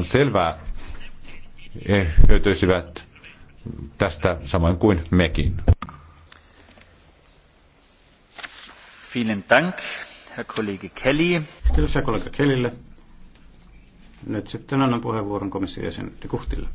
On selvää, he hyötyisivät tästä samoin kuin mekin. Vielen Dank, Herr Kollege Kelly. Kiitos, herr Kollege Kellylle. Nyt sitten annan puheenvuoron komission jäsen Kuhtille.